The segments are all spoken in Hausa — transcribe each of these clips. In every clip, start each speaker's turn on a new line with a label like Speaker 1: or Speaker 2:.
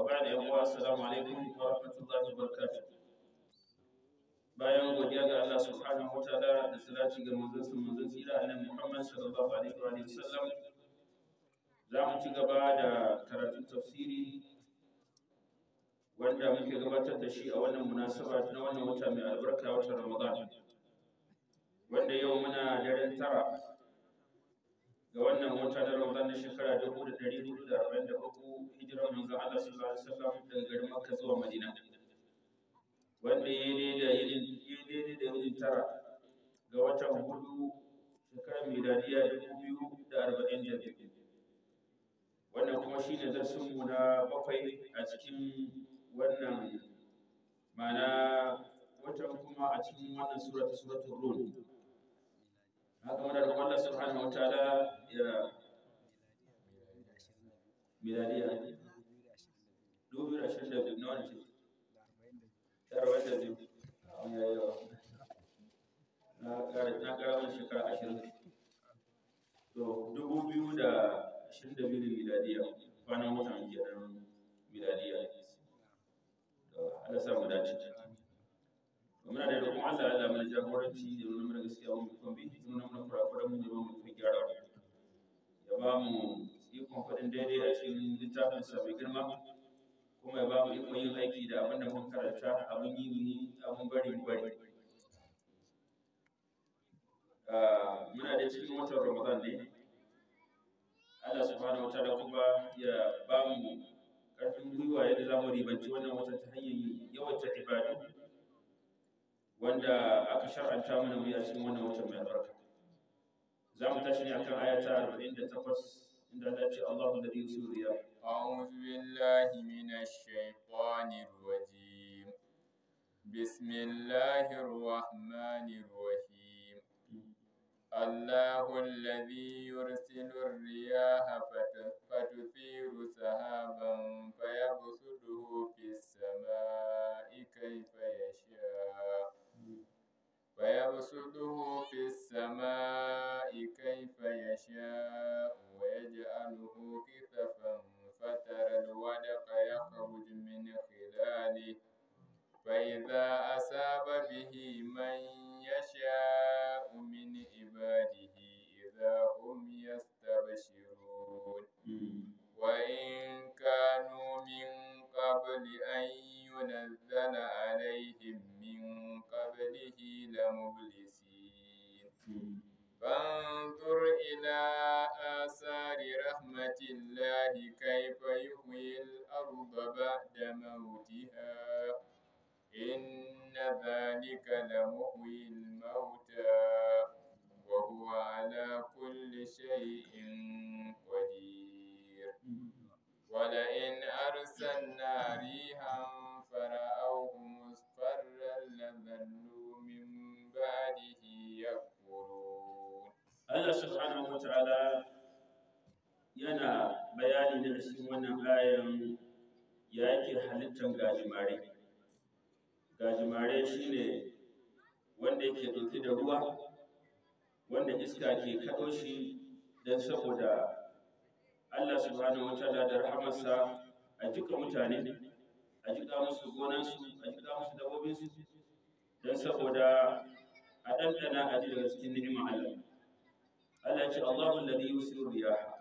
Speaker 1: وبعد يقوى السلام عليكم ورحمة الله وبركاته bayan godiya ga Allah subhanahu wataala da salati ga manzon sa manzon tsira annabi Muhammad sallallahu alaihi wa sallam za mu ci gaba da karatun tafsiri wanda muke gabatar da shi a wannan munasaba na wannan wata mai albarka watan Ramadan wanda yau muna daren tara ga wannan wata na Ramadan na shekara 1443 hijirar ga Allah sallallahu alaihi wasallam daga garin Makka zuwa Madina wanda ya yi da yini da yini tara ga watan hudu shekarar miladiya 2042 wannan kuma shi ne darsinmu na bakwai a cikin wannan ma'ana watan kuma a cikin wannan surata suratun rum haka muna roƙon Allah subhanahu wataala ya miladiya dubu da ashirin da biyu na wani ce tarwar da biyu ya yi yawa na ƙara wani shekara ashirin to dubu biyu da ashirin da biyu miladiya kwanan watan kenan miladiya Allah sa mu dace muna da roƙon Allah Allah mana jagoranci da mun mana gaskiya wani ikon bi nuna mana kurakuran mu da nuna mana ikon gyara ya ba mu ikon faɗin daidai a cikin littafin sa mai girma kuma ya ba mu ikon yin aiki da abin da mun karanta abin yi ni abin bari mu bari ah, muna da cikin watan Ramadan ne Allah subhanahu wataala kuma ya ba mu ƙarfin gwiwa yadda za mu ribanci wannan watan ta hanyar yawaita ibadu wanda aka shar'anta mana mu yi a cikin wannan watan mai albarka za mu tashi ne akan aya ta 48
Speaker 2: inda Allah ce Allahu alladhi yusiru riyah a'udhu billahi minash shaitanir rajim bismillahir rahmanir rahim Allahu alladhi yursilu riyah أرسلنا ريحا فرأوه مصفرا لظلوا من بعده يكفرون الله سبحانه
Speaker 1: وتعالى yana bayani ne a cikin wannan ayan ya halittar gajimare gajimare shine wanda yake ɗauke da ruwa wanda iska ke kaɗo shi don saboda Allah subhanahu wa ta'ala da rahamarsa a jika mutane a jika musu gonansu a jika musu dabobinsu don saboda a ɗanɗana a ji daga cikin ni'imar Allah Allah ce Allahu alladhi yusiru riyaha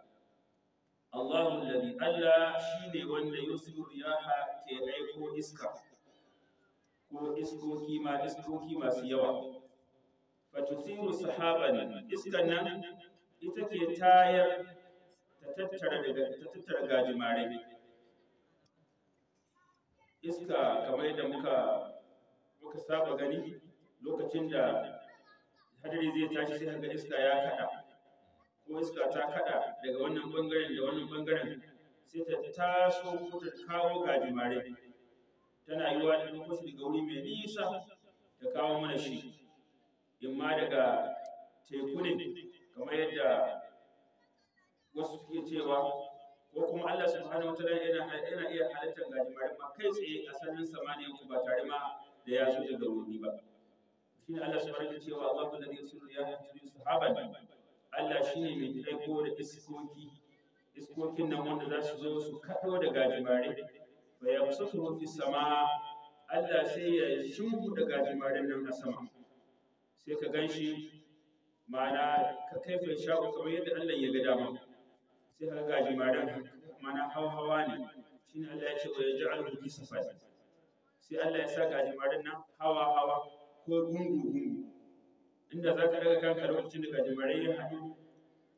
Speaker 1: Allahu alladhi Allah shi ne wanda yusiru riyaha ke aiko iska ko iskoki ma iskoki masu yawa fatusiru sahaban iskan nan ita ke tayar ta tattara daga ta tattara gajimare iska kamar yadda muka muka saba gani lokacin da hadari zai tashi sai ga iska ya kada ko iska ta kada daga wannan bangaren da wannan bangaren sai ta taso ko ta kawo gajimare tana yiwa da kuma shi daga wuri mai nisa ta kawo mana shi imma daga teku ne kamar yadda wasu ke cewa ko kuma Allah subhanahu wataala yana yana iya halartar gajimare ba kai tsaye a sanin samaniya ku ba tare ma da ya zo daga wuri ba shi Allah subhanahu wataala cewa Allahu alladhi yusiru ya hajjuri sahaban Allah shine mai taiko da iskoki iskokin nan wanda za su zo su kado da gajimare fa yabsutu fi sama Allah sai ya shimfu da gajimaren nan a sama sai ka ganshi ma'ana ka kaifin sha'u kamar yadda Allah ya ga dama sai ka ga limaran mana hawa ne shine Allah ya ce wa yaj'alu kisafan sai Allah ya sa ga limaran nan hawa hawa ko gungu gungu inda za ka daga kanka lokacin da gajimarai ya haɗu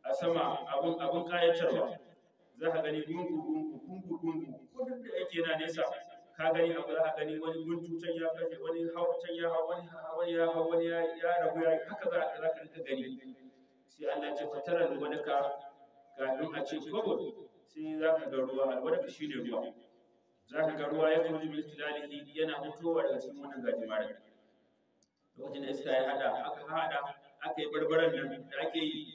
Speaker 1: a sama abin abin kayatarwa za ka gani gungu gungu gungu gungu ko duk da yake yana nesa ka gani abu za ka gani wani guntu ya kashe wani hau ya hau wani wani ya hau wani ya rabu ya haka za ka rika gani sai Allah ya ce fatara wani ka kafin a ce kobo sai za ka ga ruwa albarka shi ne ruwa za ka ga ruwa ya furji bil tilalihi yana mutuwa daga cikin wannan mara lokacin da iska ya hada aka hada aka yi barbaran nan da ake yi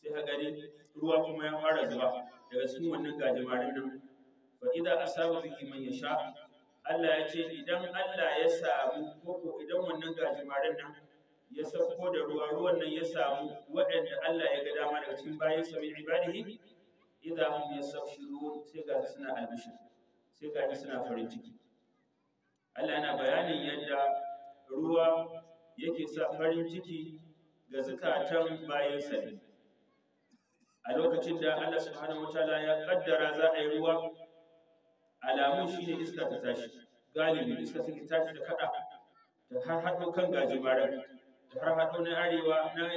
Speaker 1: sai ka gani ruwa kuma ya fara zuba daga cikin wannan gajimaren nan fa idan asaba bihi man yasha Allah ya ce idan Allah ya samu koko idan wannan gajimaren nan ya sauko da ruwa ruwan nan ya samu waɗanda Allah ya ga dama daga cikin bayan sa min ibadihi idan hum yasafshirun sai ga suna albishir sai ga suna farin ciki Allah yana bayanin yadda ruwa yake sa farin ciki ga zakatan bayan sa a lokacin da Allah subhanahu wataala ya kaddara za a yi ruwa alamun shine iska ta tashi galibi iska take tashi da kada ta har haɗo kan gajimaren da har haɗo na arewa na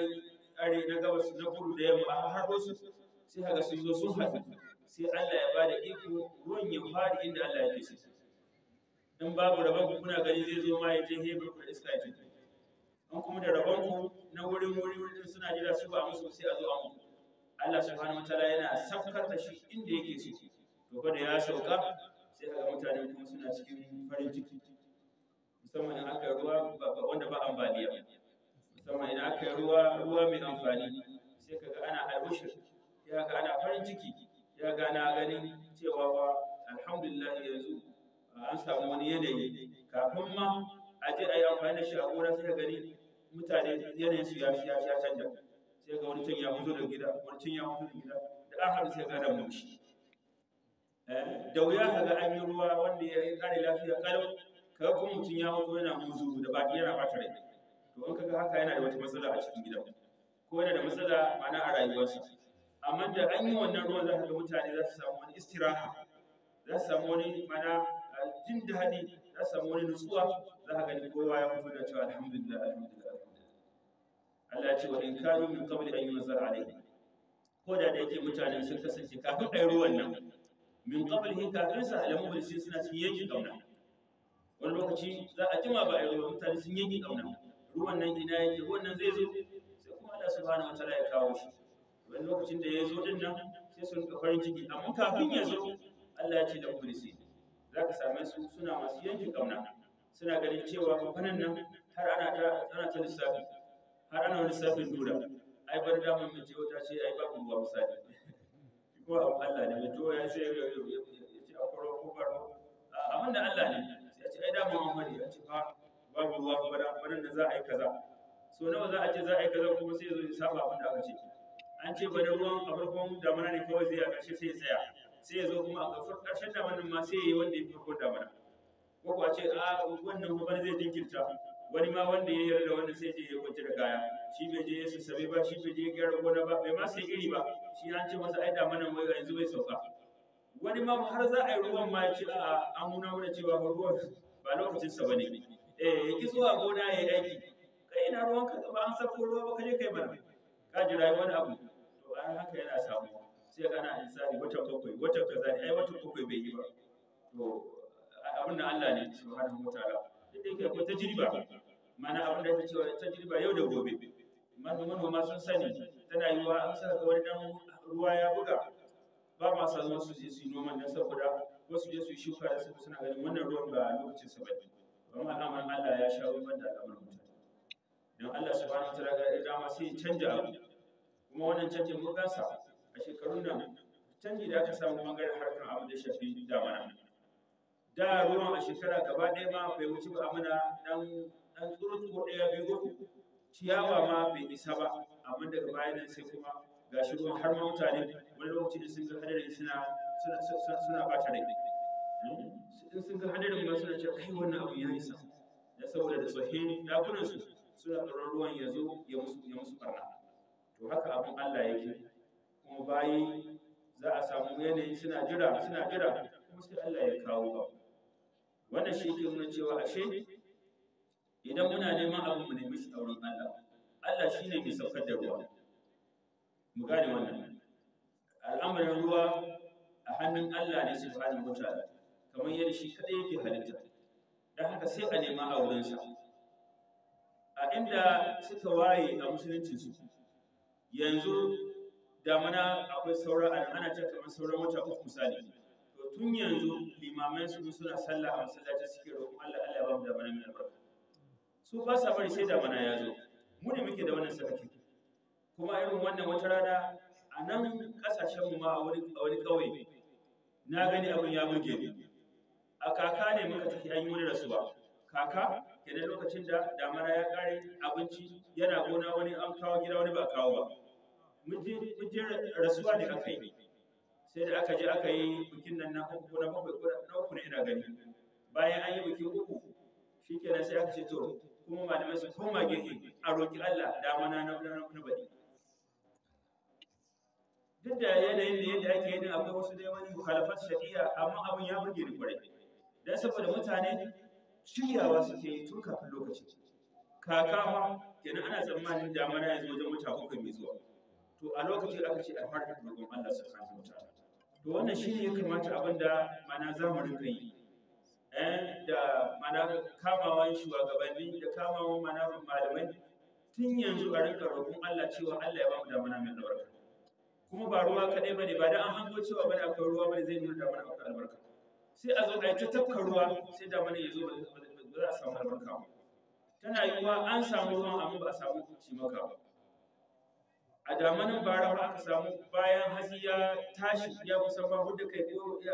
Speaker 1: are na gabas na kudu da yamma har haɗo su sai haka sun zo sun hadu, sai Allah ya bada iko ruwan ya fadi inda Allah ya ce shi in babu rabon ku kuna gani zai zo ma ya je hebe ku da iska ya tafi an kuma da rabon ku na wurin wuri wurin suna jira su ba musu sai a zo an Allah subhanahu wataala yana saukar da shi inda yake so to fa da ya sauka sai haka mutane kuma suna cikin farin ciki musamman in aka ruwa wanda ba ambaliya musamman idan aka yi ruwa ruwa mai amfani sai kaga ana albishir ya ga ana farin ciki ya ga ana ganin cewa ba alhamdulillah yanzu an samu wani yanayi kafin ma a je a yi amfani da shi a gona sai gani mutane yanayin su ya ya canja sai ga wani can ya fito da gida wani can ya fito da gida da aka sai ga da mushi eh, da wuya ka ga an yi ruwa wanda ya yi kare lafiya kalau ga kuma mutum ya mutu yana muzu da baki yana bata rai ga haka yana da wata matsala a cikin gidan ko yana da matsala ma'ana a rayuwarsa amma da an yi wannan ruwan za ka ga mutane za su samu wani istiraha za su samu wani mana jin daɗi za su samu wani nutsuwa za ka gani kowa ya fito da cewa alhamdulillah alhamdulillah Allah ya ce wa in kanu min qabli an yunzar alayhi ko da da yake mutane sun kasance kafin ayi ruwan nan min qablihi kafin sa alamu bil suna sun yanki kauna wani lokaci za a jima ba yi ruwan mutane sun yanki kauna ruwan nan ina yake ruwan nan zai zo sai kuma Allah subhanahu wataala ya kawo shi wani lokacin da ya zo din nan sai sun ka farin ciki amma kafin ya zo Allah ya ce da kulisi za ka same su suna masu yanki kauna suna ganin cewa kwanan nan har ana ta ana ta lissafi har ana lissafin dura ai bar da mai mace ta ce ai babu ruwa misali ko abu Allah ne to ya sai ya ce a koro ko baro abin da Allah ne ya ce ai da mu Muhammad ya ce fa babu ruwa bada barin da za a yi kaza so nawa za a ce za a yi kaza kuma sai ya zo ya saba abin da aka ce an ce bada ruwan a farkon damana ne kawai zai a ƙarshe sai ya tsaya sai ya zo kuma a ƙarshen damanin ma sai ya yi wanda ya fi farkon damana ko kuwa ce a wannan kuma zai jinkirta wani ma wanda ya yi yarda wanda sai je ya kwanci da kaya shi bai je ya sassabe ba shi bai je ya gyara gona ba bai ma sai iri ba shi an ce masa ai damanan wai yanzu bai sauka wani ma har za a yi ruwan ma ya ce a an nuna mana cewa ruwan ba lokacin sa bane eh ya ki zuwa gona ya yi aiki ka ina ruwan ka ba an sako ruwa ba ka je kai mana ka ji rayuwar abu to an haka yana samu sai kana insani wata bakwai wata kaza ai wata bakwai bai yi ba to abin da Allah ne subhanahu wataala duk da ko tajriba mana abin da ta ce tajriba yau da gobe manoma sun sani tana yiwa an saka wani dan ruwa ya buga ba ma sa zuwa su je su yi noman don saboda wasu je su yi shuka da su suna ganin wannan ruwan ba lokacin sa bane don al'amarin Allah ya sha wani da mutane don Allah su bani tara ga dama sai canja abu kuma wannan canjin mun a shekarun nan canji da aka samu bangaren harkar abu da shafi damana
Speaker 2: da ruwan a
Speaker 1: shekara gaba ɗaya ma bai wuce ba amina dan dan tsurut ko ɗaya bai gudu ciyawa ma bai isa ba amma daga baya nan sai kuma shi ruwan har ma mutane wani lokaci da sun ga hadarin suna suna suna bata rai sun sun ga hadarin ma suna cewa kai wannan abu ya isa da saboda da sahihin dakunan su suna tsoron ruwan ya zo ya musu ya musu barna to haka abin Allah yake kuma bayi za a samu yanayi suna jira suna jira kuma sai Allah ya kawo ba wannan shi ke nuna cewa ashe idan muna neman abu mu nemi shi taurin Allah Allah shine mai saukar da ruwa mu gane wannan al'amarin ruwa a hannun Allah ne subhanahu wataala kamar yadda shi kadai yake halitta da haka sai a nema a wurinsa a inda suka waye a musulunci su yanzu damana akwai saura a ta kamar sauran wata uku misali to tun yanzu limamai su suna sallah a masallaci suke roƙon Allah Allah ba mu damana mai albarka su ba sa bari sai damana ya zo mu ne muke da wannan sarki kuma irin wannan wata rana a nan kasashen mu ma a wani ƙauye na gani abin ya burge ni a kaka ne muka tafi an yi wani rasuwa kaka kenan lokacin da damara ya kare abinci yana gona wani an kawo gida wani ba kawo ba mun je rasuwa ne aka yi sai da aka je aka yi bikin nan na uku na bakwai ko na uku ne ina gani bayan an yi bikin uku shi kenan sai aka ce to kuma malamai su koma gefe a roƙi Allah damana na na baɗi duk da yanayin da yadda ake yi akwai wasu dai wani mukhalafat shari'a amma abin ya burge ni kwarai don saboda mutane shiryawa suke yi tun kafin lokaci kakawa kenan ana tsammanin damana yanzu wajen wuta bakwai mai zuwa to a lokacin aka ce a fara roƙon Allah subhanahu wataala to wannan ne ya kamata abin da mana zamanin zai yi eh, da mana kamawan shugabanni da kamawan mana malamai tun yanzu a rinka roƙon Allah cewa Allah ya ba mu damana mai albarka kuma ba ruwa kaɗai bane ba da an hango cewa bane akwai ruwa bane zai nuna damana akwai albarka sai a zo a yi ta tafka ruwa sai mana ya zo ba za a samu albarka ba tana yiwuwa an samu ruwan amma ba a samu cimaka ba
Speaker 2: a damanin bara ba aka samu
Speaker 1: bayan hasi ya tashi ya kusan hudu kai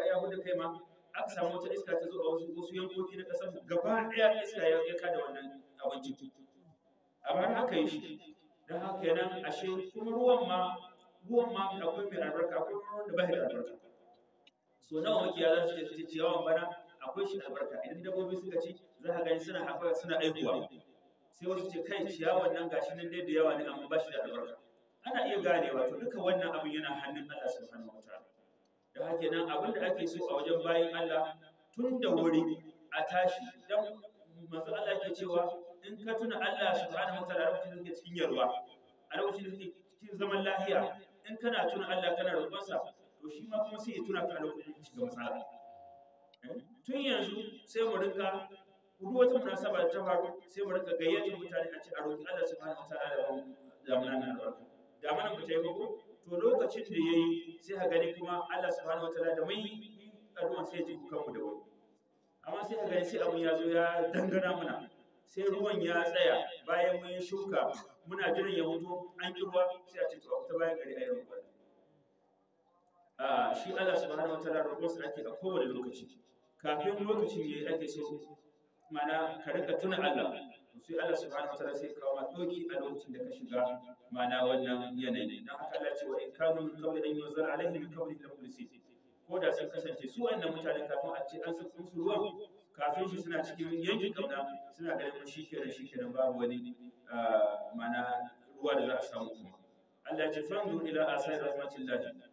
Speaker 1: ya hudu kai ma aka samu wata iska ta zo a wasu wasu yankoki na ƙasar gaba ɗaya iska ya kada wannan abinci amma aka yi shi don haka nan ashe kuma ruwan ma ruwan ma akwai mai albarka akwai ruwan da ba da albarka so nawa makiya za su ce ciyawan bana akwai shi albarka idan dabbobi suka ci za ka gani suna haɓaka suna aikuwa sai wasu ce kai ciyawan nan gashi nan dai da yawa ne amma ba shi da albarka ana iya ganewa to duka wannan abin yana hannun Allah subhanahu wataala da haka nan abin da ake so a wajen bayan Allah tun da wuri a tashi dan manzo Allah yake cewa in ka tuna Allah subhanahu wataala lokacin da kake cikin yarwa a lokacin da kake cikin zaman lafiya in kana tuna Allah kana roƙonsa to shi ma kuma sai ya tura ka a lokacin da shiga matsala eh? tun yanzu sai mu rinka duk wata munasaba ta faru sai mu rinka gayyatar mutane a ci a roƙi Allah subhanahu wataala da zamana na albarka da mana mu tayi ko to lokacin da yayi sai ka gani kuma Allah subhanahu wataala da mai addu'a sai ya ji kukan mu da wani amma sai ka gani sai abun ya zo ya dangana muna, sai ruwan ya tsaya bayan mun shuka muna jiran ya mutu an kirwa sai a ce to ta bayan gari a yi ruwa shi Allah subhanahu wataala sa ake a kowane lokaci kafin lokacin yayi ake so mana ka rika tuna Allah sai Allah subhanahu wataala sai kawo ma doki a lokacin da ka shiga mana wannan yanayi dan haka Allah ce wa in kanu min qabli an yuzar alaihi min qabli lam yusif ko da sun kasance su wannan mutane kafin a ce an saka musu ruwa kafin shi suna cikin yankin kauna suna ganin shi kenan shi kenan babu wani mana ruwa da za a samu kuma Allah ya ce fanzu ila asai rahmatillahi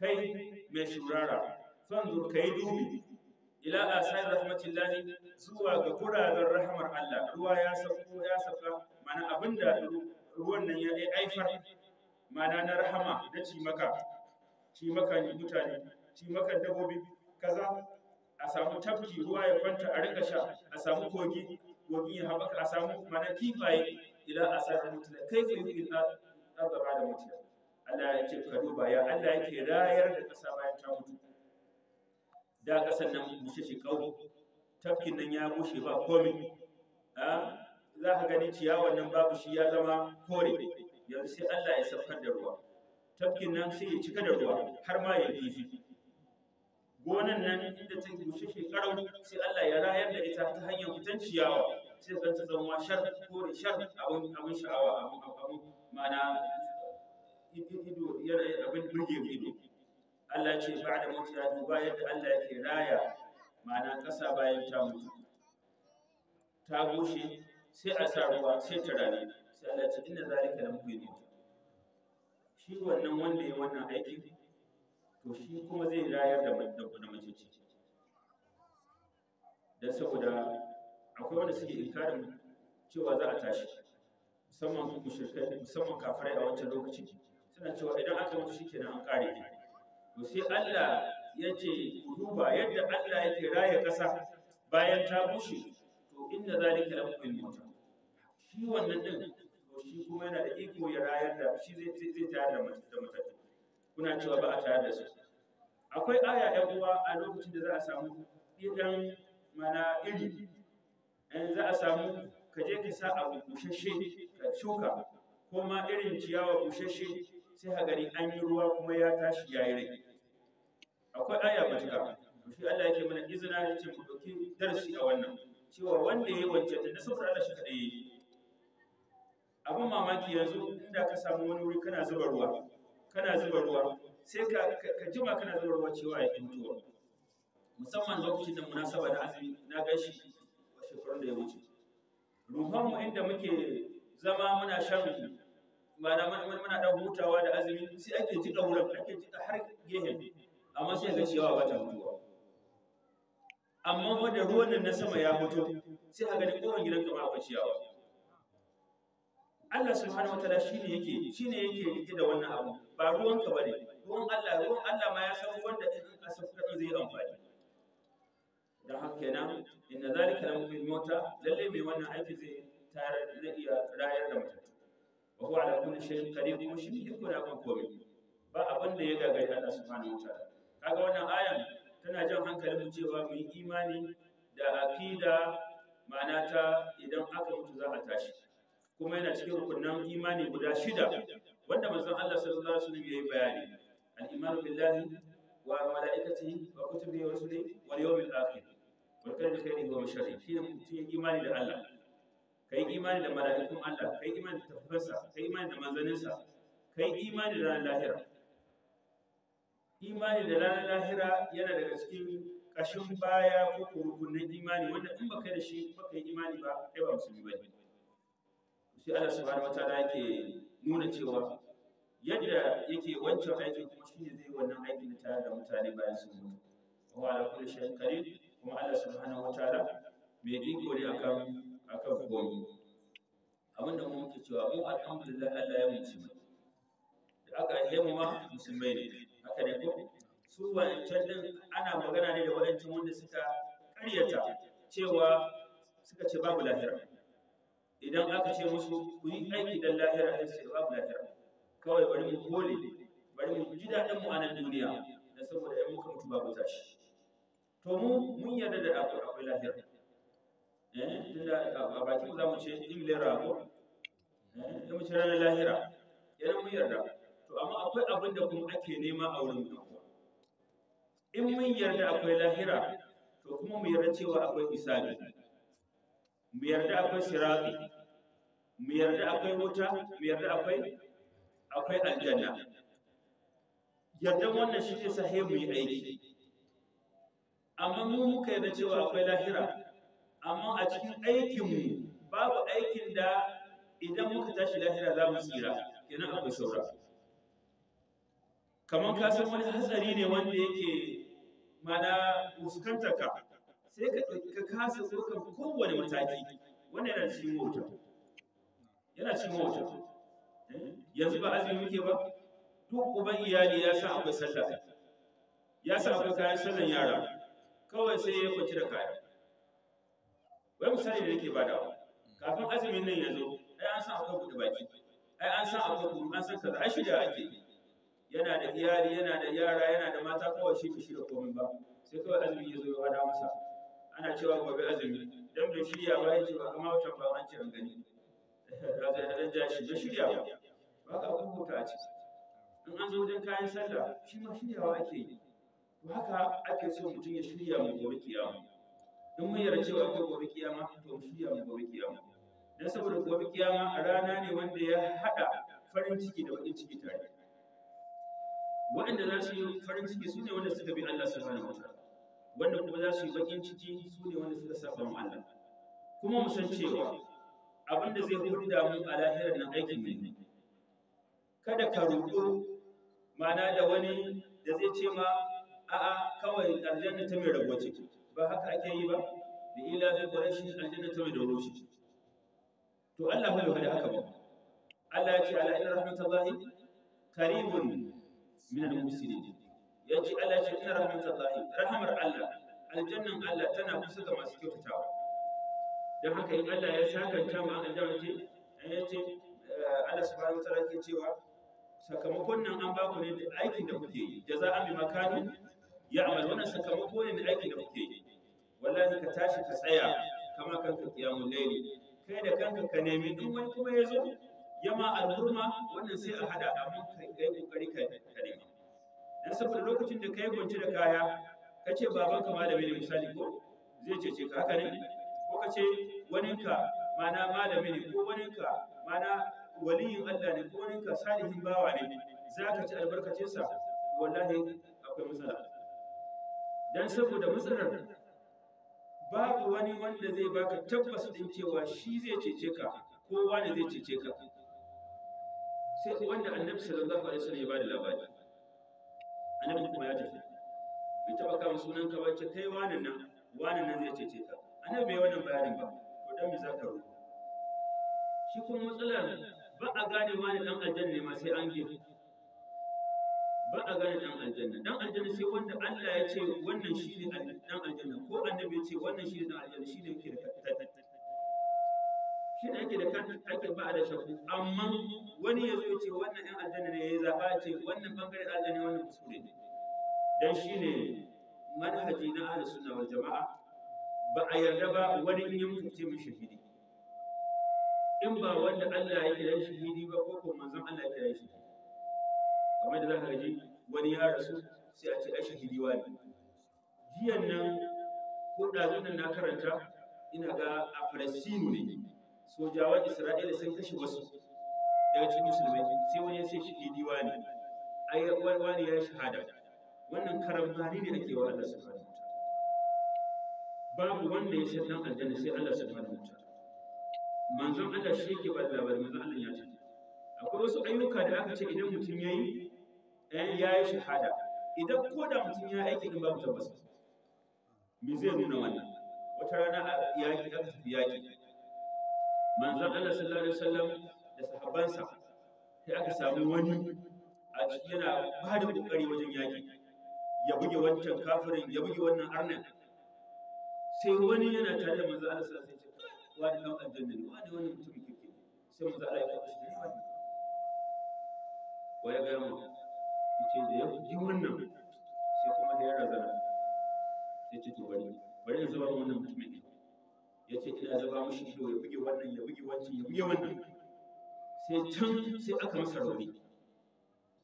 Speaker 1: kai mai shurara fanzur kai dubi ila rahmatin rahmatillahi zuwa ga kuraren rahmar Allah ruwa ya sauko ya sauka mana abinda ruwan nan ya aifar mana na rahama da cimaka ne mutane cimakan dabobi kaza a samu tafki ruwa ya kwanta a rika sha a samu kogi kogi ya haɓaka a samu mana kifaye ila rahmatin rahmatillahi kai fi yi al'adaba da mutane Allah ya ce ka duba ya Allah yake rayar da ƙasa bayan ta mutu da ƙasar nan bushe shi kawo tafkin nan ya bushe ba komi za ka gani ciyawan nan babu shi ya zama kore yanzu sai Allah ya saukar da ruwa tafkin nan sai ya cika da ruwa har ma ya kifi gonan nan inda ta bushe shekarau sai Allah ya rayar da ita ta hanyar fitan ciyawa sai ka ta zama shar kore shar abin abin sha'awa abin abin ma'ana ido yanayin abin birge ido Allah ce ba da mutu ya duba yadda Allah yake raya mana ƙasa bayan ta mutu ta bushe sai a sa ruwa sai ta rare sai Allah ce inna zalika la mu'min shi wannan wanda ya wannan aikin to shi kuma zai rayar da da mace ce dan saboda akwai wanda suke inkarin cewa za a tashi musamman mushrikai musamman kafirai a wancan lokacin. suna cewa idan aka mutu shikenan an kare ki to sai Allah ya ce ku duba yadda Allah yake raye ƙasa bayan ta bushe to inna zalika la mu'min mota shi wannan din to shi kuma yana da iko ya rayar da shi zai zai tayar da mutum da mutum kuna cewa ba a tayar da su akwai aya ɗan uwa a lokacin da za a samu idan mana iri in za a samu ka je ka sa abu bushashe ka shuka ko ma irin ciyawa bushashe sai a gani an yi ruwa kuma ya tashi ya yi rai akwai aya matuka shi Allah yake mana izina ya ce mu ɗauki darasi a wannan cewa wanda ya yi wancan da na Allah shi kaɗai yi abin mamaki yanzu inda ka samu wani wuri kana zuba ruwa kana zuba ruwa sai ka jima kana zuba ruwa cewa ya mutuwa musamman lokacin da munasaba da azumi na gashi a shekarun da ya wuce ruhanmu inda muke zama muna shan mana muna dan hutawa da azumi sai ake jika wurin ake jika har gehen amma sai ga ciyawa ba ta mutuwa amma wanda ruwan nan na sama ya fito sai ka gani kowa gidan ka ma akwai ciyawa Allah subhanahu wataala shine yake shine yake rike da wannan abu ba ruwan ka bane ruwan Allah ruwan Allah ma ya san wanda in ka saka zai amfani Da haka kenan inna zalika lamul mauta lalle mai wannan aiki zai tare zai iya rayar da mutum wa huwa ala kulli shay'in qadir kuma shi ne ko da komai ba abin da ya gagari Allah subhanahu wa kaga wannan ayan tana jan hankalin mu cewa mu yi imani da aqida ma'ana ta idan aka mutu za a tashi kuma yana cikin rukunan imani guda shida wanda manzon Allah sallallahu alaihi wasallam yayi bayani al-imanu billahi wa malaikatihi wa kutubihi wa rusulihi wal yawmil akhir wa kulli khairin wa sharrin shi ne mutum imani da Allah kai imani da mala'ikun Allah kai imani da tafarsa kai imani da manzaninsa kai imani da ranar lahira imani da ranar lahira yana daga cikin ƙashin baya ko kurkunan imani wanda in baka da shi ba kai imani ba kai ba musulmi ba ne shi Allah subhanahu wataala yake nuna cewa yadda yake wancan aikin kuma shi ne zai wannan aikin da tare da mutane bayan sun mutu Kuma Allah kulli shay'in qadir kuma Allah subhanahu wataala mai iko ne akan akan komi abinda mu muke cewa mu alhamdulillah Allah ya mutu mu da aka yi mu ma musulmai ne haka ne ko su wancan din ana magana ne da waɗancan wanda suka karyata cewa suka ce babu lahira idan aka ce musu ku yi aiki dan lahira ne sai babu lahira kawai bari mu kole bari mu ji dadin mu a nan duniya da saboda yan ka mutu babu tashi to mu mun yarda da akwai lahira Eh, tunda a bakin za mu ce jimlin rago ya eh, mu ce ranar lahira Ya mun yarda to amma akwai abin da kuma ake nema a wurin mu in mun yarda akwai lahira to kuma mu yarda cewa akwai isabi mu yarda akwai sirabi mu yarda akwai wuta mu yarda akwai akwai aljanna yardan wannan shi ne sahihi mu yi aiki amma mu muka yarda cewa akwai lahira amma a cikin aikinmu babu aikin da idan muka tashi lahira za mu tsira kenan akwai saura kamar ka san wani hatsari ne wanda yake mana fuskantar ka sai ka kasa tsokan kowane mataki wannan yana cikin wata yana cikin wata yanzu ba azumi muke ba duk uban iyali ya sa akwai sallah ya sa akwai kayan sallan yara kawai sai ya kwanci da kaya wai misali da yake badawa kafin azumin nan ya zo ai an san akwai buɗe baki ai an san akwai kuma an san kaza ai shirya ake yana da iyali yana da yara yana da mata kawai shi shi da komai ba sai kawai azumi ya zo ya wada masa ana cewa gobe azumi dan bai shirya ba yake ce ba amma wata ba an ce an gani da zai da shi bai shirya ba ba ka rubuta a ciki in an zo wajen kayan sallah shi ma shiryawa ake yi to haka ake so mutum ya shirya mu gobe kiyama in mun yarda cewa akwai gobe kiyama to mu shirya mu gobe kiyama dan saboda gobe kiyama a rana ne wanda ya hada farin ciki da bakin ciki tare waɗanda za su yi farin ciki su ne wanda suka bi Allah subhanahu wataala wanda kuma za su yi bakin ciki su ne wanda suka saba mu Allah kuma mu san cewa abin da zai hurda mu a lahirar nan aikin ne kada ka roƙo ma'ana da wani da zai ce ma a'a kawai aljanna ta mai rabuwa ciki ba haka ake yi ba da ila zai ƙwarashi aljanna ta mai da roshi to Allah bai faɗi haka ba Allah ya ce ala inna rahmatallahi karibun min al-muslimin ya ce Allah ya ce inna rahmatallahi rahmar Allah aljannan Allah tana kusa ga masu kyautatawa dan haka in Allah ya sakanta mu an aljanna ce ya ce eh, eh, Allah subhanahu wa ta'ala ke cewa sakamakon nan an baku ne aikin da kuke yi jaza'an bi makani ya amal wannan sakamako ne aikin da kuke yi wallahi ka tashi ka tsaya kama kanka kiyamun laili kai da kanka ka nemi duk wani kuma ya zo yama alhurma wannan sai a hada amma kai kai kokari ka ka nemi dan saboda lokacin da kai gonci da kaya kace baban ka malami ne misali ko zai cece ka haka ne ko kace waninka mana malami ne ko waninka mana waliyin Allah ne ko waninka salihin bawa ne zaka ci albarkacinsa wallahi akwai matsala dan saboda matsalar babu wani wanda zai baka tabbas din cewa shi zai cece ka ko wani zai cece ka sai wanda annabi sallallahu alaihi wasallam ya bada labari annabi kuma ya tafi bai taba kama sunan ka bace kai wani nan wani nan zai cece ka annabi bai wannan bayanin ba to dan me zaka rubuta shi kuma matsalar ba a gane wani dan aljanna ne ma sai an gefe ba a gane dan aljanna dan aljanna sai wanda Allah ya ce wannan shi ne dan aljanna ko annabi ya ce wannan shi ne dan aljanna ne yake da shi ne ake da ake ba da shakku amma wani ya zo ya ce wannan dan aljanna ne ya zaba ce wannan bangare aljanna wannan kuskure ne dan ne manhaji na ahlus sunna wal jamaa ba a yarda ba wani in yi mutu ce mun shahidi in ba wanda Allah ya kira shahidi ba ko ko manzon Allah ya kira shahidi kamar da za ka ji wani ya rasu sai a ce ai shahidi wani jiyan nan ko da nan na karanta ina ga a falasino ne sojawan isra'ila sun kashe wasu daga cikin musulmai sai wani ya sai shahidi wani ai wani ya shahada wannan karambani ne ake wa Allah subhanahu babu wanda ya san dan aljanna sai Allah subhanahu wa ta'ala manzon Allah shi yake ba labarin manzon Allah ya ce akwai wasu ayyuka da aka ce idan mutum yayi ɗayan ya yi shahada idan koda mutum ya aiki ɗin babu tabbas me zai nuna wannan wata rana a yaƙi aka tafi yaƙi manzon Allah sallallahu alaihi wasallam da sahabbansa sai aka samu wani a cikin yana ba da kokari wajen yaƙi ya buge wancan kafirin ya buge wannan arnan sai wani yana tare da manzon Allah sallallahu alaihi wasallam wani dan aljanna ne wani wannan mutum kike sai manzon Allah ya kawo shi wani ga mu shi da ya ji wannan sai kuma ya razana sai ce to bari bari in zuba wannan mutumin ne ya ce ina zuba mushi ido ya buge wannan ya buge wancan ya buge wannan sai can sai aka masa rauni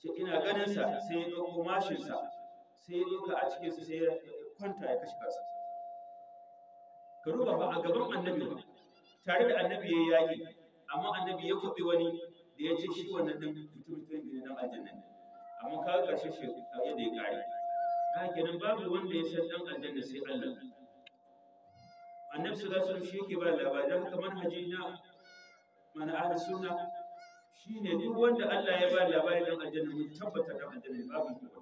Speaker 1: ce ina ganin sa sai ya ɗauko mashinsa sai ya ɗauka a cikinsa sai ya kwanta ya kashe kansa ka duba ba a gaban annabi ba tare da annabi ya yi yaƙi amma annabi ya kwaɓe wani da ya ce shi wannan ɗan mutum mutum ne na aljanna amma ka ga shi da ya ƙare ta kenan babu wanda ya san ɗan aljanna sai Allah annabi sallallahu alaihi shi yake ba labarin haka manhaji na mana ahli sunna shine duk wanda Allah ya ba labarin ɗan aljanna mun tabbata da aljanna babu ta.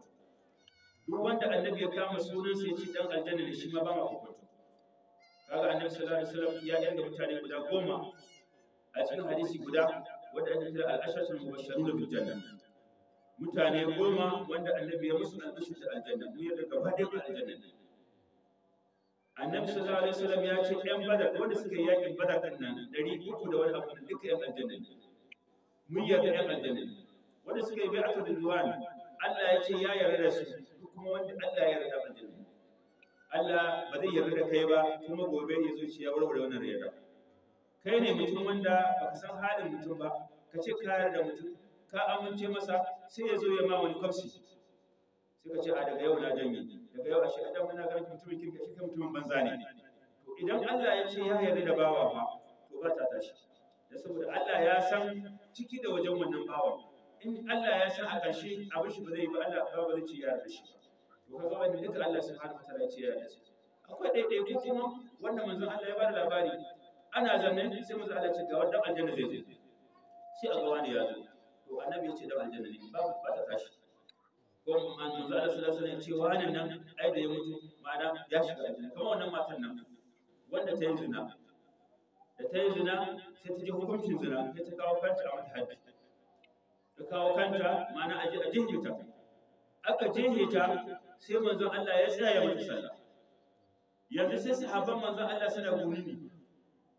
Speaker 1: duk wanda annabi ya kama sunan sai ci ɗan aljanna ne shi ma ba ma tabbata kaga annabi sallallahu alaihi wasallam ya yarda mutane guda goma a cikin hadisi guda wanda ake kira al-asharatul mubashshirun bil jannah mutane goma wanda annabi ya musu albishir da aljanna duniya da gaba da aljanna ne annabi sallallahu alaihi wasallam ya ce ɗan bada, wanda suka yi yakin bada kan nan dari uku da wani abu da duka yan aljanna ne mun yarda yan aljanna ne wanda suka yi zuwa ne, Allah ya ce ya yarda da su kuma wanda Allah ya yarda aljanna Allah ba zai yarda da kai ba kuma gobe ya zo ya warware wannan yarda kai ne mutum wanda ka san halin mutum ba ka ce kare da mutum ka amince masa sai ya zo ya ma wani kwafsi suka ce a daga yau na janye daga yau a shi adam na ganin mutumin kirka shi kan mutumin banza ne to idan Allah ya ce ya yarda da bawa fa to ba ta tashi da saboda Allah ya san ciki da wajen wannan bawa in Allah ya san a ƙarshe abin shi ba zai yi ba Allah ba zai ce ya yarda shi to kaga wani duka Allah subhanahu ta'ala ya ce ya yarda shi akwai ɗaiɗaiku kuma wannan manzon Allah ya bada labari ana zanne sai manzon Allah ya ce ga wannan aljanna zai zo sai a ga wani ya zo annabi ya ce da aljanna ne babu ba ta tashi ko manzo Allah sallallahu alaihi wasallam ce wani nan ai da ya mutu ma'ana ya shiga aljanna kamar wannan matan nan wanda ta yi zina da ta yi zina sai ta ji hukuncin zina sai ta kawo kanta a mata haddi ta kawo kanta ma'ana a jihita aka jinjita sai manzo Allah ya tsaya mata sallah yanzu sai sahabban manzo Allah suna gumi ne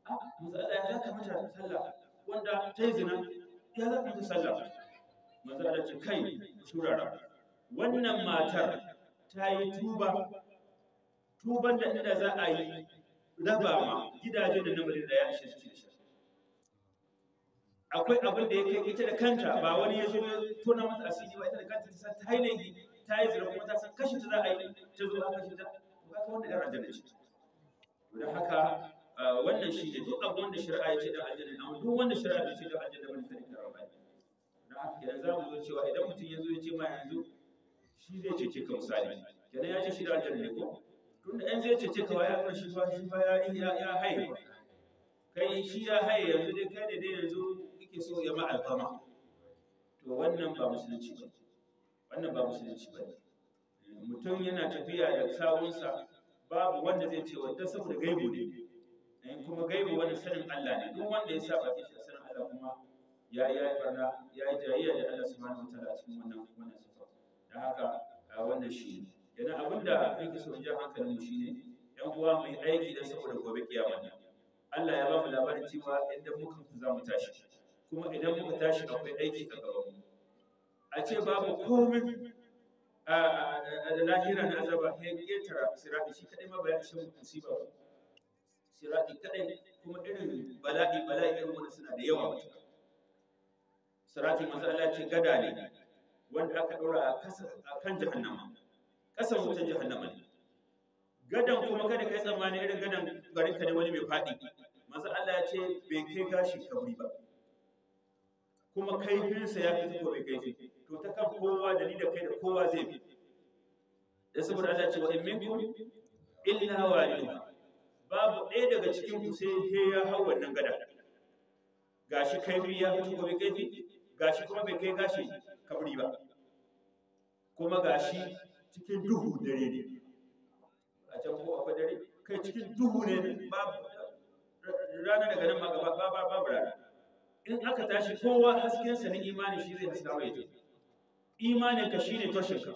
Speaker 1: ah manzo Allah ya kamata sallah wanda ta yi zina ya za ka sallah manzo Allah ce kai turara wannan matar ta yi tuba tuban da inda za a yi raba ma gidaje da namarin da ya ishe su akwai abin da ya kai ita da kanta ba wani ya zo ya tona mata asiri ba ita da kanta ta san ta yi laifi ta yi zira kuma ta san kashi ta za a yi ta zo a kashe ta ba ka wanda yar aljanna ce don haka ah, wannan shi ne duk abin wanda shari'a ya ce da aljanna amma duk wanda shari'a ya ce da aljanna haka kenan za mu zo cewa idan mutum ya zo ya ce ma yanzu shi zai cece ka misali kenan ya ce shi da aljanna ko tunda in zai cece ka ya kuma shi ba shi ba ya ya haye kai shi ya haye yanzu dai kai ne dai yanzu kike so ya ma alfama to wannan ba musulunci ba wannan ba musulunci ba mutum yana tafiya da sawunsa babu wanda zai ce wanda saboda gaibu ne eh, kuma gaibu wani sanin Allah ne duk wanda ya saba shi sanin Allah kuma ya yi barna ya yi jayayya da Allah subhanahu wataala a cikin wannan wannan sifa da haka wannan shi ne yana abinda nake so in ja hankalin mu ne. yan uwa mai aiki da saboda gobe kiyama ne Allah ya ba mu labarin cewa idan muka za mu tashi kuma idan muka tashi akwai aiki a gaban mu a ce babu komai a lahira na azaba ya ketara sirati shi kadai ma ba ya ishe mu musiba ba sirati kadai kuma irin bala'i bala'i irin wannan suna da yawa mutum siratul manzo ce gada ne wanda aka ɗaura a kan jahannama ƙasar wutar jahannama ne gadan kuma kada kai tsammani irin gadan garin ka ne wani mai faɗi manzo Allah ya ce bai kai gashi kabri ba kuma kaifinsa ya fi ko bai kaifi to ta kan kowa da ni da kai da kowa zai bi da saboda Allah ce wa in minkum illa wariduha babu ɗaya daga cikin ku sai ya hau wannan gada gashi kaifi ya fi ko bai kaifi gashi kuma bai kai gashi kabri ba kuma gashi cikin duhu dare ne a can ko akwai dare kai cikin duhu ne babu rana daga nan ma gaba ba ba rana in aka tashi kowa haskensa na imani shi zai haska mai to imanin ka shine tashin ka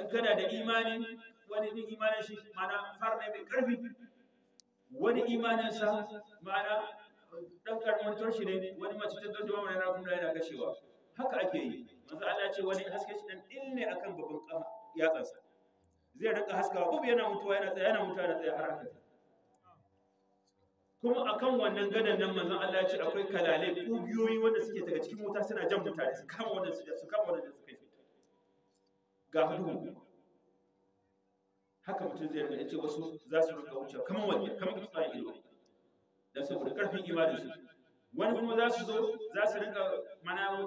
Speaker 1: in kana da imani wani din imanin shi ma'ana farne mai karfi wani imanin sa ma'ana Ɗan karamin turshi ne wani mace ta zoje mana na kuma yana gashewa haka ake yi masu Allah ce wani haske shi ɗan ɗin ne kan babban yatsansa zai rinka haskawa ko yana mutuwa yana tsaye yana mutuwa yana tsaye har haka kuma akan wannan gadon nan mazan Allah ce akwai kalalai kugiyoyi wanda suke daga cikin wuta suna jan mutane su kama wanda su su kama wanda su kai ga hudu haka mutum zai rinka ya ce wasu za su rinka wucewa kamar wani kamar kusa ido da saboda karfin ibadarsu wani kuma za su zo za su rinka mana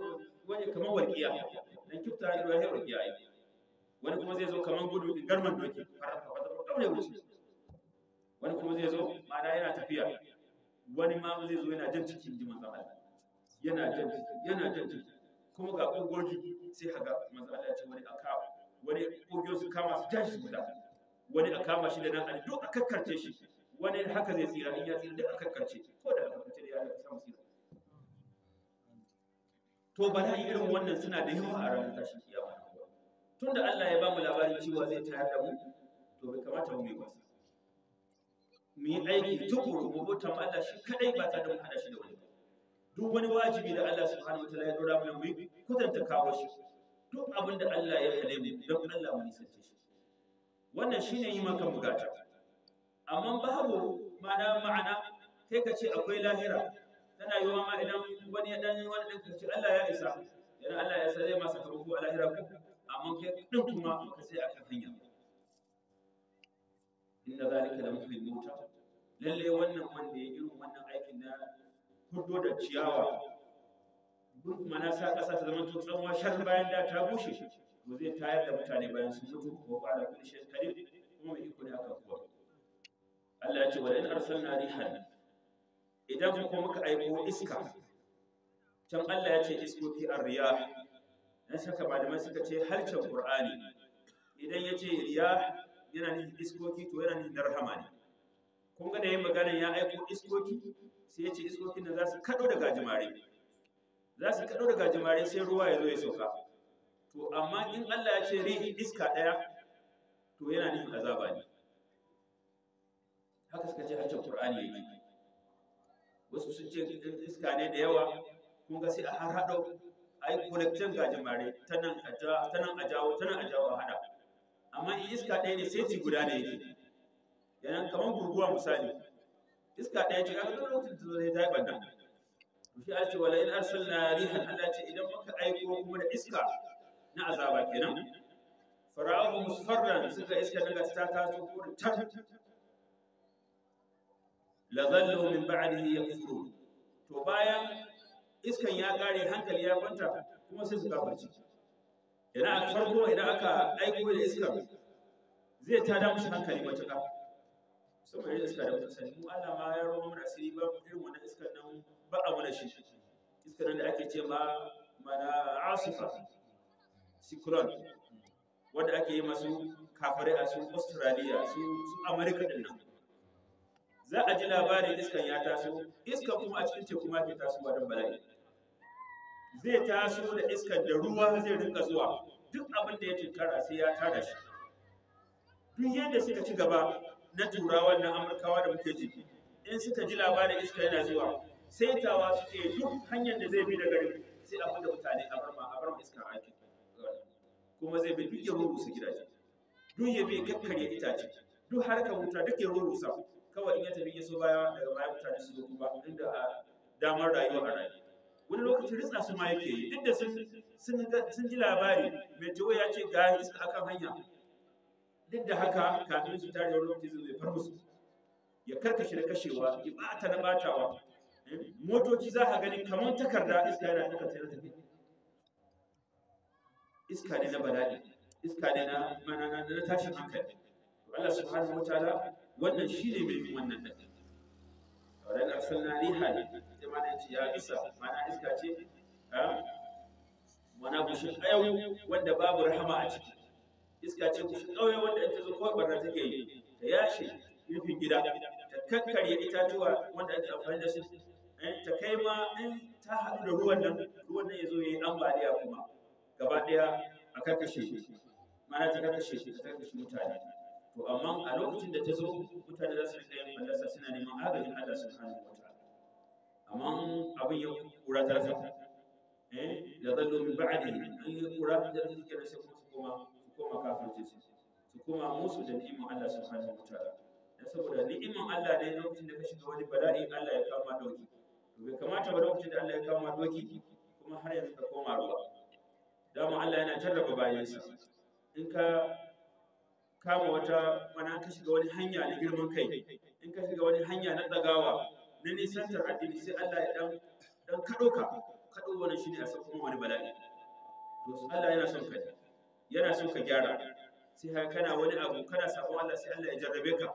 Speaker 1: wani kamar walƙiya dan kifta da ruwa sai walƙiya wani kuma zai zo kamar gudu garman doki wani kuma zai zo ma'ana yana tafiya wani ma zai zo yana jan ciki ji manzo Allah yana jan ciki yana jan ciki kuma ga kogoji sai haga manzo Allah ya ce wani aka wani kogiyo su kama su jan shi guda wani a kama shi da nan a duk a kakkarce shi wani haka zai tsira in ya tsira duk aka karce ko da albarkace da ya yi samu tsira to ba na irin wannan suna da yawa a ranar tashin ba tun da Allah ya ba mu labarin cewa zai tayar da mu to bai kamata mu yi wasa mu yi aiki tukuru mu bauta Allah shi kadai ba tare da mu hada shi da wani duk wani wajibi da Allah subhanahu wataala ya dora mana mu yi kutanta kawo shi duk abin da Allah ya hale mu don Allah mu nisance shi wannan shine yi maka bugata amma babu mana ma'ana kai ka ce akwai lahira tana yi wa ma idan wani ya dan wani dan ka ce Allah ya isa yana Allah ya isa zai masa karbu a lahira ku amma kai din kuma baka sai akan hanya inna zalika la muhlil mauta lalle wannan wanda ya irin wannan aikin na hudo da ciyawa duk mana sa kasa ta zama tsanwa shar bayan da ta bushe to zai tayar da mutane bayan sun mutu ko fara kullu shekaru kuma mai iko ne aka kuwa Allah ya ce wa in arsalna rihan idan kuma muka aiko iska can Allah ya ce iskoki ar-riyah dan saka malamai suka ce halcin Qur'ani idan ya ce riyah yana nufin iskoki to yana nufin rahama ne kun ga da yin magana ya aiko iskoki sai ya ce iskokin da za su kado da gajimare za su kado da gajimare sai ruwa ya zo ya sauka to amma in Allah ya ce rihi iska daya to yana nufin azaba ne haka suka ce harshen qur'ani yake wasu sun ce iska ne da yawa kun ga sai a har hado ai collecting gajimare ta nan a jawo ta nan a jawo a jawo amma in iska ɗaya ne sai ci guda ne yake yanan kaman guguwa misali iska ɗaya ce kaga dole lokacin da zai ta yi bannan shi a ce wala in arsalna rihan Allah ce idan muka aiko kuma da iska na azaba kenan fara'ahu musfarran suka iska daga ta taso ko da tar lazallu min ba'dihi yakfurun to bayan iskan ya kare hankali ya kwanta kuma sai su kafirci idan a farko idan aka aiko da iskar zai ta tada musu hankali matuƙa saboda irin iska da muka sani mu Allah ma ya roba mana asiri ba irin wannan iskar nan ba a wani shi Iskan nan da ake ce ma mana asifa sikron wanda ake yi masu kafirai a su australia su amurka din nan za a ji labarin iskan ya taso iskan kuma a cikin teku ma ke tasowa don bala'i zai taso da iskan da ruwa zai rinka zuwa duk abin da ya tunkara sai ya tada shi duk yadda suka ci gaba na turawa na amurkawa da muke ji in suka ji labarin iska yana zuwa sai tawa ke duk hanyar da zai bi da gari sai a da mutane a barma a barma iskan aiki kuma zai bi duk ya rusa gidaje duk ya bi ya itace duk harkar wuta duk ya rusa kawai in ya tafi ya so baya daga baya mutane su zo ba duk da ah, damar rayuwa a rayu wani lokaci risna su ma yake yi duk da sun ji labari mai tewo ya ce ga iska akan hanya duk da haka kafin su tare wani lokaci zai far musu ya karkashe da kashewa ya bata na batawa eh, motoci za ka gani kamar takarda iska yana ɗaukar tsaye tafi iska ne na bala'i iska ne na tashin hankali Allah subhanahu wa ta'ala wannan shi ne mai bin wannan da ɗin wadda na riha ne ita ma da ya bisa mana iska ce mana gushin ƙayau wanda babu rahama a ciki iska ce gushin ƙauye wanda ita zo kawai barna take yi ta yashe rufin gida ta kakkarya itatuwa wanda ake amfani da su eh, ta kai ma in ta haɗu da ruwan nan ruwan nan ya zo ya yi ambaliya kuma gaba ɗaya a karkashe mana ta karkashe ta karkashe mutane to amma a lokacin da ta zo mutane za su rika yin fallasa suna neman agajin Allah subhanahu wa ta'ala amma abin ya kura ta rasa eh da zallo min ba'di in ya kura da su kira sai su koma su koma kafirce su su koma musu da ni'imar Allah subhanahu wa ta'ala dan saboda ni'imar Allah ne lokacin da ka shiga wani bala'i Allah ya kama dauki to bai kamata ba lokacin da Allah ya kama doki kuma har yanzu ka koma ruwa dama Allah yana jarraba bayansa in ka kama wata mana ka shiga wani hanya na girman kai in ka shiga wani hanya na tsagawa, na nisantar addini sai Allah ya dan dan kado ka kado wannan ne a sakon wani bala'i to Allah yana son ka yana son ka gyara sai haka kana wani abu kana sabon Allah sai Allah ya jarrabe ka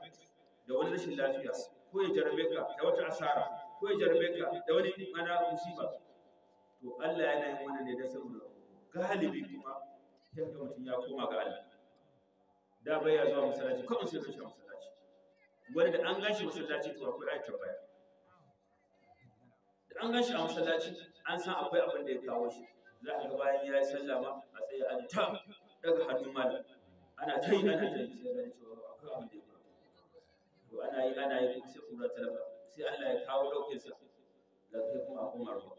Speaker 1: da wani rashin lafiya ko ya jarrabe ka da wata asara ko ya jarrabe ka da wani mana musiba to Allah yana yin wannan ne da saboda galibi kuma sai ga mutum ya koma ga Allah da bai ya zuwa masallaci kawai sai ya masallaci wani da an gashi masallaci to akwai ayat tambaya da an gashi a masallaci an san akwai abin da ya kawo shi za a ga bayan ya yi sallah ma a tsaye a ta daga hannun malam ana ta yi ana ta yi sai gani cewa akwai abin da ya kawo to ana yi ana yi sai kura ta rafa sai Allah ya kawo daukin sa da kai kuma a koma ruwa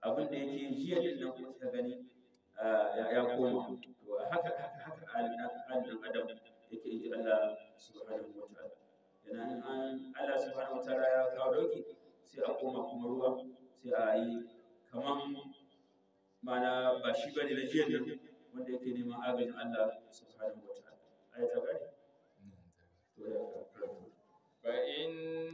Speaker 1: abin da yake jiya din nan kuma sai gani ya koma to haka haka haka alin adam yake inji Allah subhanahu wa ta'ala yana in an Allah subhanahu wa ta'ala ya kawo dauki sai a koma kuma ruwa sai a yi kaman mana ba shi bane na jiyan nan wanda yake neman agajin Allah subhanahu wa ta'ala ayata gani mm. to ya karanta fa in